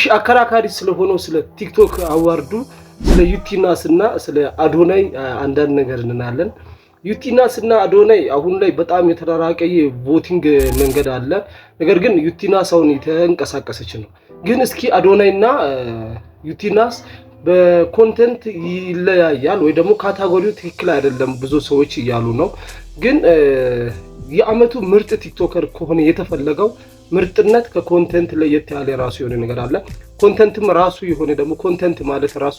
ትንሽ አከራካሪ ስለሆነው ስለ ቲክቶክ አዋርዱ ስለ ዩቲናስ እና ስለ አዶናይ አንዳንድ ነገር እንናለን። ዩቲናስ እና አዶናይ አሁን ላይ በጣም የተራራቀ የቮቲንግ መንገድ አለ። ነገር ግን ዩቲናስ አሁን የተንቀሳቀሰች ነው። ግን እስኪ አዶናይ እና ዩቲናስ በኮንተንት ይለያያል ወይ ደግሞ ካታጎሪው ትክክል አይደለም ብዙ ሰዎች እያሉ ነው። ግን የአመቱ ምርጥ ቲክቶከር ከሆነ የተፈለገው ምርጥነት ከኮንተንት ለየት ያለ ራሱ የሆነ ነገር አለ። ኮንተንትም ራሱ የሆነ ደግሞ ኮንተንት ማለት ራሱ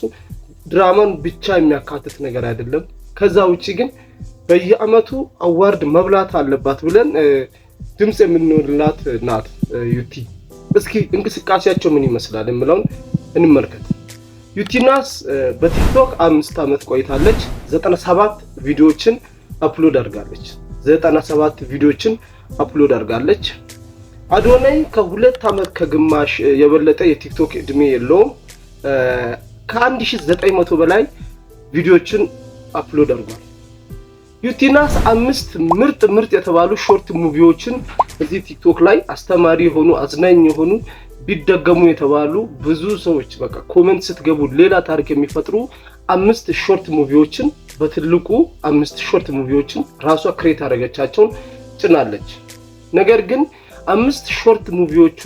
ድራማን ብቻ የሚያካትት ነገር አይደለም። ከዛ ውጭ ግን በየአመቱ አዋርድ መብላት አለባት ብለን ድምፅ የምንሆንላት ናት ዩቲ። እስኪ እንቅስቃሴያቸው ምን ይመስላል የምለውን እንመልከት። ዩቲናስ በቲክቶክ አምስት ዓመት ቆይታለች። 97 ቪዲዮዎችን አፕሎድ አድርጋለች። 97 ቪዲዮዎችን አፕሎድ አድርጋለች። አዶናይ ከሁለት ዓመት ከግማሽ የበለጠ የቲክቶክ እድሜ የለውም። ከ1900 በላይ ቪዲዮችን አፕሎድ አድርጓል። ዩቲናስ አምስት ምርጥ ምርጥ የተባሉ ሾርት ሙቪዎችን እዚህ ቲክቶክ ላይ አስተማሪ የሆኑ አዝናኝ የሆኑ ቢደገሙ የተባሉ ብዙ ሰዎች በቃ ኮመንት ስትገቡ ሌላ ታሪክ የሚፈጥሩ አምስት ሾርት ሙቪዎችን በትልቁ አምስት ሾርት ሙቪዎችን ራሷ ክሬት አደረገቻቸውን ጭናለች ነገር ግን አምስት ሾርት ሙቪዎቹ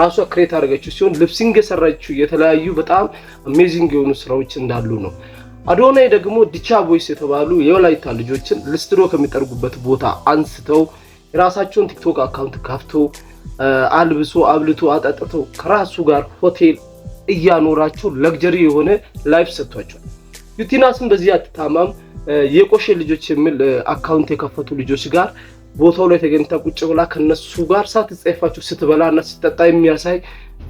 ራሷ ክሬት አድርገችው ሲሆን ልብሲንግ የሰራችው የተለያዩ በጣም አሜዚንግ የሆኑ ስራዎች እንዳሉ ነው። አዶናይ ደግሞ ዲቻ ቮይስ የተባሉ የወላይታ ልጆችን ልስትሮ ከሚጠርጉበት ቦታ አንስተው የራሳቸውን ቲክቶክ አካውንት ከፍቶ አልብሶ አብልቶ አጠጥቶ ከራሱ ጋር ሆቴል እያኖራቸው ለግጀሪ የሆነ ላይፍ ሰጥቷቸዋል። ዩቲናስም በዚህ አትታማም የቆሼ ልጆች የሚል አካውንት የከፈቱ ልጆች ጋር ቦታው ላይ ተገኝታ ቁጭ ብላ ከነሱ ጋር ሳትጸየፋችሁ ስትበላ እና ስትጠጣ የሚያሳይ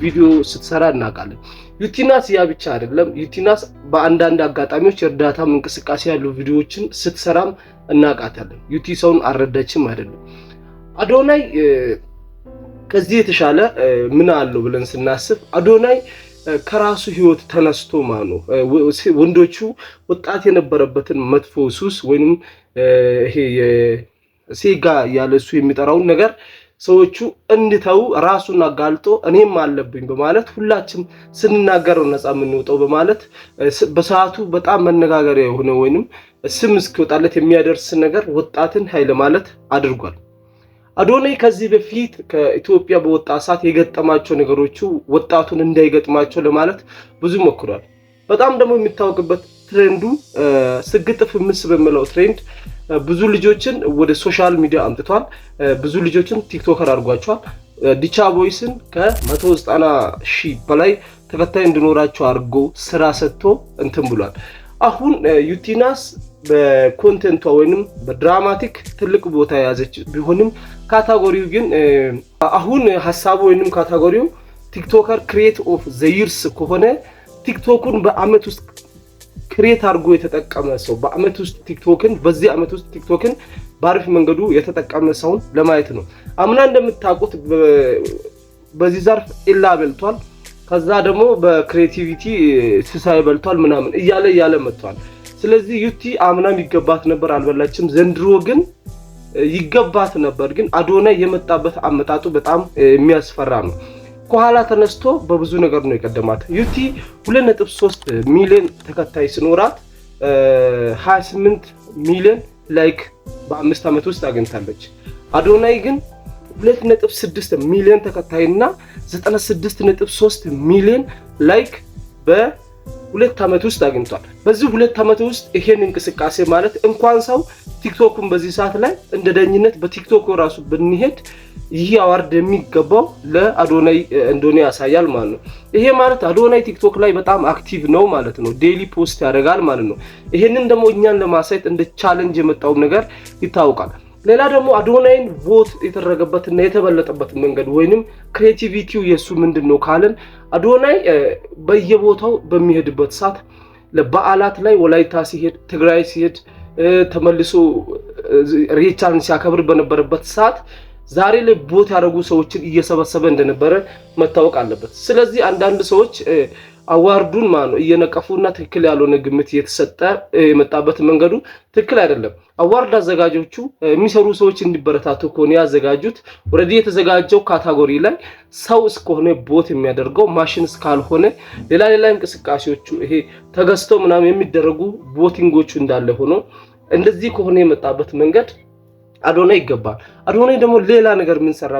ቪዲዮ ስትሰራ እናውቃለን። ዩቲናስ ያ ብቻ አይደለም። ዩቲናስ በአንዳንድ አጋጣሚዎች እርዳታም እንቅስቃሴ ያሉ ቪዲዮዎችን ስትሰራም እናውቃታለን። ዩቲ ሰውን አልረዳችም አይደለም። አዶናይ ከዚህ የተሻለ ምን አለው ብለን ስናስብ አዶናይ ከራሱ ህይወት ተነስቶ ማኖ ወንዶቹ ወጣት የነበረበትን መጥፎ ሱስ ወይም ይሄ ሴጋ እያለ እሱ የሚጠራውን ነገር ሰዎቹ እንድተው ራሱን አጋልጦ እኔም አለብኝ በማለት ሁላችን ስንናገር ነፃ የምንወጣው በማለት በሰዓቱ በጣም መነጋገሪያ የሆነ ወይንም ስም እስኪወጣለት የሚያደርስ ነገር ወጣትን ኃይለ ማለት አድርጓል። አዶናይ ከዚህ በፊት ከኢትዮጵያ በወጣ ሰዓት የገጠማቸው ነገሮቹ ወጣቱን እንዳይገጥማቸው ለማለት ብዙ ሞክሯል። በጣም ደግሞ የሚታወቅበት ትሬንዱ ስግጥፍ ምስ በሚለው ትሬንድ ብዙ ልጆችን ወደ ሶሻል ሚዲያ አምጥቷል። ብዙ ልጆችን ቲክቶከር አድርጓቸዋል። ዲቻ ቦይስን ከ190 ሺህ በላይ ተከታይ እንዲኖራቸው አድርጎ ስራ ሰጥቶ እንትን ብሏል። አሁን ዩቲናስ በኮንቴንቷ ወይንም በድራማቲክ ትልቅ ቦታ የያዘች ቢሆንም ካታጎሪው ግን አሁን ሀሳቡ ወይንም ካታጎሪው ቲክቶከር ክሬት ኦፍ ዘይርስ ከሆነ ቲክቶኩን በአመት ውስጥ ክሬት አድርጎ የተጠቀመ ሰው በአመት ውስጥ ቲክቶክን በዚህ አመት ውስጥ ቲክቶክን በአሪፍ መንገዱ የተጠቀመ ሰውን ለማየት ነው። አምና እንደምታውቁት በዚህ ዘርፍ ኢላ በልቷል። ከዛ ደግሞ በክሬቲቪቲ ስሳይ በልቷል ምናምን እያለ እያለ መጥቷል። ስለዚህ ዩቲ አምናም ይገባት ነበር አልበላችም። ዘንድሮ ግን ይገባት ነበር። ግን አዶናይ የመጣበት አመጣጡ በጣም የሚያስፈራ ነው። ከኋላ ተነስቶ በብዙ ነገር ነው የቀደማት። ዩቲ 2.3 ሚሊዮን ተከታይ ስኖራት 28 ሚሊዮን ላይክ በአምስት ዓመት ውስጥ አግኝታለች። አዶናይ ግን 2.6 ሚሊዮን ተከታይና 96.3 ሚሊዮን ላይክ በሁለት ዓመት ውስጥ አግኝቷል። በዚህ ሁለት ዓመት ውስጥ ይሄን እንቅስቃሴ ማለት እንኳን ሰው ቲክቶክን በዚህ ሰዓት ላይ እንደ ዳኝነት በቲክቶክ ራሱ ብንሄድ ይህ አዋርድ የሚገባው ለአዶናይ እንደሆነ ያሳያል ማለት ነው። ይሄ ማለት አዶናይ ቲክቶክ ላይ በጣም አክቲቭ ነው ማለት ነው። ዴይሊ ፖስት ያደርጋል ማለት ነው። ይሄንን ደግሞ እኛን ለማሳየት እንደ ቻለንጅ የመጣውም ነገር ይታወቃል። ሌላ ደግሞ አዶናይን ቮት የተደረገበትና የተበለጠበት መንገድ ወይንም ክሬቲቪቲው የእሱ ምንድን ነው ካለን አዶናይ በየቦታው በሚሄድበት ሰዓት በዓላት ላይ ወላይታ ሲሄድ፣ ትግራይ ሲሄድ፣ ተመልሶ ሬቻን ሲያከብር በነበረበት ሰዓት ዛሬ ላይ ቦት ያደረጉ ሰዎችን እየሰበሰበ እንደነበረ መታወቅ አለበት። ስለዚህ አንዳንድ ሰዎች አዋርዱን ማለት ነው እየነቀፉና ትክክል ያልሆነ ግምት እየተሰጠ የመጣበት መንገዱ ትክክል አይደለም። አዋርድ አዘጋጆቹ የሚሰሩ ሰዎች እንዲበረታቱ ከሆነ ያዘጋጁት ወረዲ የተዘጋጀው ካታጎሪ ላይ ሰው እስከሆነ ቦት የሚያደርገው ማሽን እስካልሆነ ሌላ ሌላ እንቅስቃሴዎቹ ይሄ ተገዝተው ምናምን የሚደረጉ ቦቲንጎቹ እንዳለ ሆኖ እንደዚህ ከሆነ የመጣበት መንገድ አዶናይ ይገባል። አዶናይ ደግሞ ሌላ ነገር የምንሰራ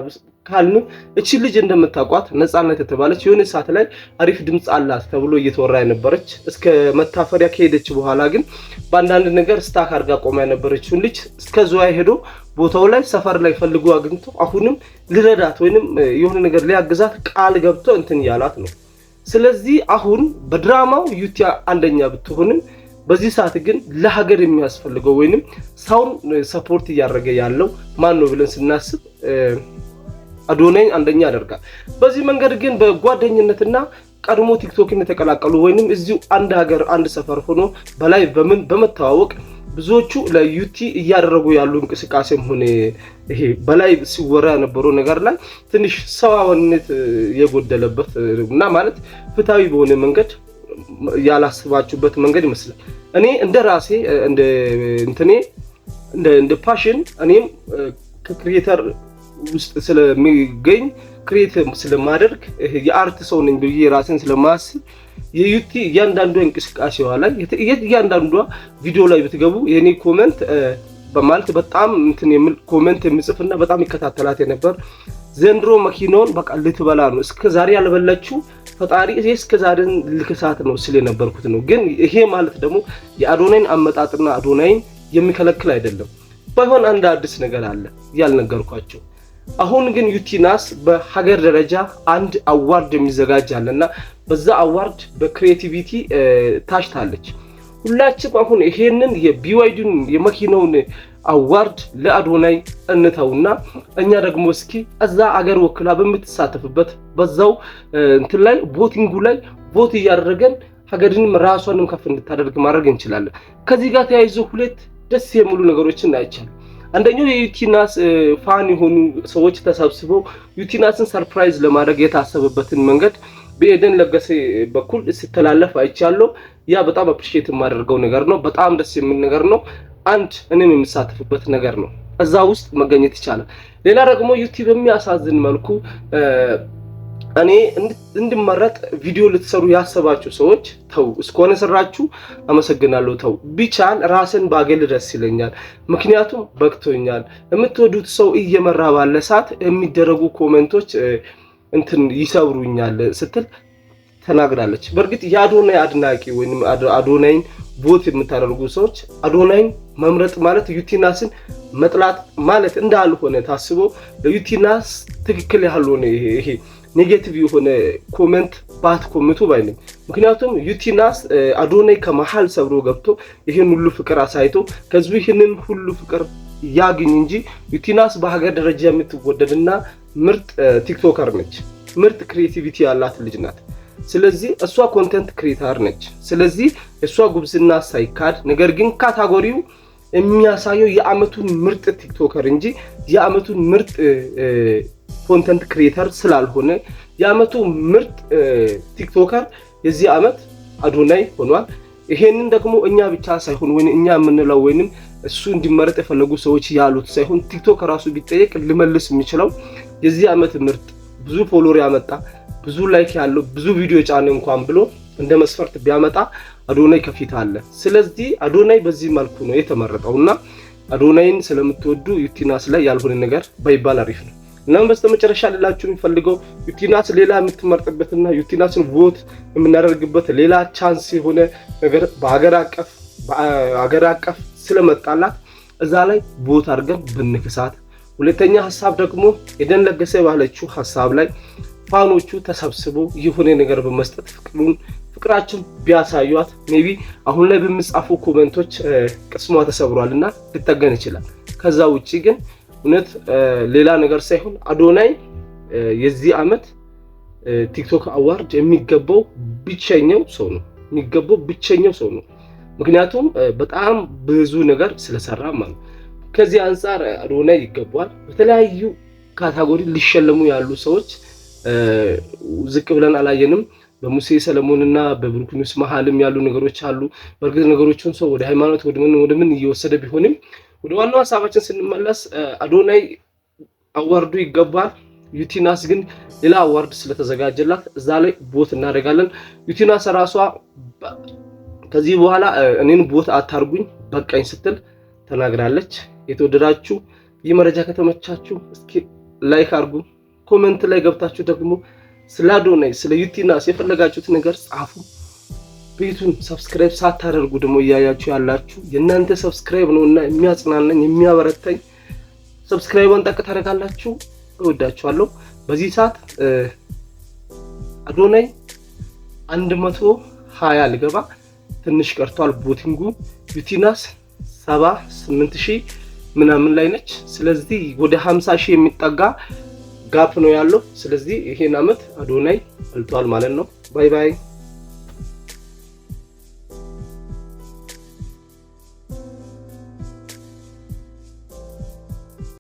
ካልን እቺ ልጅ እንደምታውቋት ነፃነት የተባለች የሆነ ሰዓት ላይ አሪፍ ድምፅ አላት ተብሎ እየተወራ የነበረች እስከ መታፈሪያ ከሄደች በኋላ ግን በአንዳንድ ነገር ስታክ አድርጋ ቆማ የነበረችውን ልጅ እስከ ሄዶ ቦታው ላይ ሰፈር ላይ ፈልጎ አግኝቶ አሁንም ልረዳት ወይንም የሆነ ነገር ሊያግዛት ቃል ገብቶ እንትን ያላት ነው። ስለዚህ አሁን በድራማው ዩቲያ አንደኛ ብትሆንም በዚህ ሰዓት ግን ለሀገር የሚያስፈልገው ወይንም ሳውን ሰፖርት እያደረገ ያለው ማን ነው ብለን ስናስብ አዶናይን አንደኛ ያደርጋል። በዚህ መንገድ ግን በጓደኝነትና ቀድሞ ቲክቶክን የተቀላቀሉ ወይንም እዚሁ አንድ ሀገር አንድ ሰፈር ሆኖ በላይ በምን በመተዋወቅ ብዙዎቹ ለዩቲ እያደረጉ ያሉ እንቅስቃሴም ሆነ ይሄ በላይ ሲወራ የነበረው ነገር ላይ ትንሽ ሰብአዊነት የጎደለበት እና ማለት ፍትሐዊ በሆነ መንገድ ያላስባችሁበት መንገድ ይመስላል። እኔ እንደ ራሴ እንደ እንትኔ እንደ ፓሽን እኔም ከክሪኤተር ውስጥ ስለሚገኝ ክሬት ስለማደርግ የአርት ሰው ነኝ ብዬ ራሴን ስለማስብ የዩቲ እያንዳንዷ እንቅስቃሴዋ ላይ እያንዳንዷ ቪዲዮ ላይ ብትገቡ የኔ ኮመንት በማለት በጣም እንትን የምል ኮመንት የምጽፍና በጣም ይከታተላት የነበር ዘንድሮ መኪናውን በቃ ልትበላ ነው እስከ ዛሬ ያልበላችሁ ፈጣሪ እስከዛሬን ልክሳት ነው ስል የነበርኩት ነው። ግን ይሄ ማለት ደግሞ የአዶናይን አመጣጥና አዶናይን የሚከለክል አይደለም። ባይሆን አንድ አዲስ ነገር አለ ያልነገርኳቸው። አሁን ግን ዩቲናስ በሀገር ደረጃ አንድ አዋርድ የሚዘጋጅ አለና በዛ አዋርድ በክሬቲቪቲ ታሽታለች። ሁላችም አሁን ይሄንን የቢዋይዲን የመኪናውን አዋርድ ለአዶናይ እንተውና እኛ ደግሞ እስኪ እዛ አገር ወክላ በምትሳተፍበት በዛው እንትን ላይ ቦቲንጉ ላይ ቦት እያደረገን ሀገርንም ራሷንም ከፍ እንድታደርግ ማድረግ እንችላለን። ከዚህ ጋር ተያይዞ ሁለት ደስ የሚሉ ነገሮችን አይቻል። አንደኛው የዩቲናስ ፋን የሆኑ ሰዎች ተሰብስበው ዩቲናስን ሰርፕራይዝ ለማድረግ የታሰበበትን መንገድ በኤደን ለገሰ በኩል ስተላለፍ አይቻለሁ። ያ በጣም አፕሪሼት የማደርገው ነገር ነው። በጣም ደስ የሚል ነገር ነው። አንድ እኔም የምሳተፍበት ነገር ነው። እዛ ውስጥ መገኘት ይቻላል። ሌላ ደግሞ ዩቲዩብ የሚያሳዝን መልኩ እኔ እንድመረጥ ቪዲዮ ልትሰሩ ያሰባችሁ ሰዎች ተው፣ እስከሆነ ስራችሁ አመሰግናለሁ። ተው ቢቻል ራስን ባገል ደስ ይለኛል። ምክንያቱም በቅቶኛል። የምትወዱት ሰው እየመራ ባለ ሰዓት የሚደረጉ ኮመንቶች እንትን ይሰብሩኛል ስትል ተናግራለች። በእርግጥ የአዶናይ አድናቂ ወይም አዶናይን ቦት የምታደርጉ ሰዎች አዶናይን መምረጥ ማለት ዩቲናስን መጥላት ማለት እንዳልሆነ ታስቦ ለዩቲናስ ትክክል ያልሆነ ይሄ ኔጌቲቭ የሆነ ኮመንት ባት ኮምቱ ባይለኝ። ምክንያቱም ዩቲናስ አዶናይ ከመሀል ሰብሮ ገብቶ ይህን ሁሉ ፍቅር አሳይቶ ከዚ ይህንን ሁሉ ፍቅር ያግኝ እንጂ ዩቲናስ በሀገር ደረጃ የምትወደድና ምርጥ ቲክቶከር ነች። ምርጥ ክሬቲቪቲ ያላት ልጅ ናት። ስለዚህ እሷ ኮንተንት ክሬተር ነች። ስለዚህ እሷ ጉብዝና ሳይካድ ነገር ግን ካታጎሪው የሚያሳየው የአመቱን ምርጥ ቲክቶከር እንጂ የአመቱን ምርጥ ኮንተንት ክሬተር ስላልሆነ የአመቱ ምርጥ ቲክቶከር የዚህ አመት አዶናይ ሆኗል። ይሄንን ደግሞ እኛ ብቻ ሳይሆን ወይ እኛ የምንለው ወይንም እሱ እንዲመረጥ የፈለጉ ሰዎች ያሉት ሳይሆን ቲክቶክ ራሱ ቢጠየቅ ልመልስ የሚችለው የዚህ አመት ምርጥ ብዙ ፎሎር ያመጣ ብዙ ላይክ ያለው ብዙ ቪዲዮ ጫነ እንኳን ብሎ እንደ መስፈርት ቢያመጣ አዶናይ ከፊት አለ። ስለዚህ አዶናይ በዚህ መልኩ ነው የተመረጠው እና አዶናይን ስለምትወዱ ዩቲናስ ላይ ያልሆነ ነገር ባይባል አሪፍ ነው። እናም በስተመጨረሻ ልላችሁ የሚፈልገው ዩቲናስ ሌላ የምትመርጥበትና ዩቲናስን ቮት የምናደርግበት ሌላ ቻንስ የሆነ ነገር በአገር አቀፍ አቀፍ ስለመጣላት እዛ ላይ ቮት አድርገን ብንክሳት። ሁለተኛ ሀሳብ ደግሞ ኤደን ለገሰ ባለችው ሀሳብ ላይ ፋኖቹ ተሰብስቦ የሆነ ነገር በመስጠት ፍቅሩን ፍቅራችን ቢያሳዩት ሜቢ አሁን ላይ በሚጻፉ ኮመንቶች ቅስሟ ተሰብሯል እና ይችላል። ከዛ ውጭ ግን እውነት ሌላ ነገር ሳይሆን አዶናይ የዚህ ዓመት ቲክቶክ አዋርድ የሚገባው ብቸኛው ሰው ነው። የሚገባው ብቸኛው ሰው ነው። ምክንያቱም በጣም ብዙ ነገር ስለሰራ ማለት ከዚህ አንጻር አዶናይ ይገባዋል። በተለያዩ ካታጎሪ ሊሸለሙ ያሉ ሰዎች ዝቅ ብለን አላየንም። በሙሴ ሰለሞንና በብሩክ ኒውስ መሀልም ያሉ ነገሮች አሉ። በእርግጥ ነገሮችን ሰው ወደ ሃይማኖት ወደምን ወደምን እየወሰደ ቢሆንም ወደ ዋናው ሀሳባችን ስንመለስ አዶናይ አዋርዱ ይገባል። ዩቲናስ ግን ሌላ አዋርድ ስለተዘጋጀላት እዛ ላይ ቦት እናደርጋለን። ዩቲናስ ራሷ ከዚህ በኋላ እኔን ቦት አታርጉኝ በቃኝ ስትል ተናግራለች። የተወደዳችሁ ይህ መረጃ ከተመቻችሁ እስኪ ላይክ አርጉ። ኮመንት ላይ ገብታችሁ ደግሞ ስለ አዶናይ ስለ ዩቲናስ የፈለጋችሁት ነገር ጻፉ። ቤቱን ሰብስክራይብ ሳታደርጉ ደግሞ እያያችሁ ያላችሁ የእናንተ ሰብስክራይብ ነው እና የሚያጽናናኝ የሚያበረታኝ። ሰብስክራይቧን ጠቅ ታደርጋላችሁ። እወዳችኋለሁ። በዚህ ሰዓት አዶናይ 120 ልገባ ትንሽ ቀርቷል። ቦቲንጉ ዩቲናስ 78 ሺህ ምናምን ላይ ነች። ስለዚህ ወደ 50 ሺህ የሚጠጋ ጋፕ ነው ያለው። ስለዚህ ይሄን አመት አዶናይ በልጧል ማለት ነው። ባይ ባይ